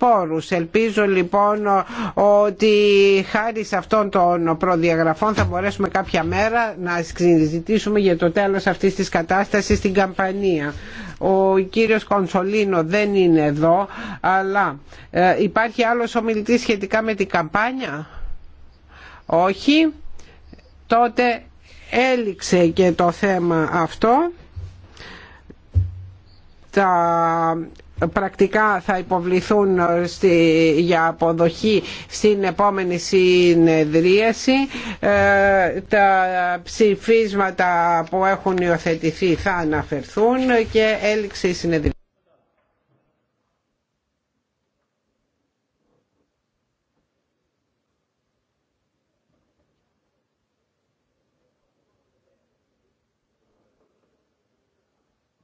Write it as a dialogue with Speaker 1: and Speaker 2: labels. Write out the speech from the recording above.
Speaker 1: πόρους. Ελπίζω λοιπόν ότι χάρη σε αυτών των προδιαγραφών θα μπορέσουμε κάποια μέρα να συζητήσουμε για το τέλος αυτής της κατάστασης στην Καμπανία. Ο κύριος Κονσολίνο δεν είναι εδώ, αλλά ε, υπάρχει άλλος ομιλητής σχετικά με την καμπάνια. Όχι, τότε έληξε και το θέμα αυτό τα πρακτικά θα υποβληθούν στη, για αποδοχή στην επόμενη συνεδρίαση. Ε, τα ψηφίσματα που έχουν υιοθετηθεί θα αναφερθούν και έλξη συνεδρίαση.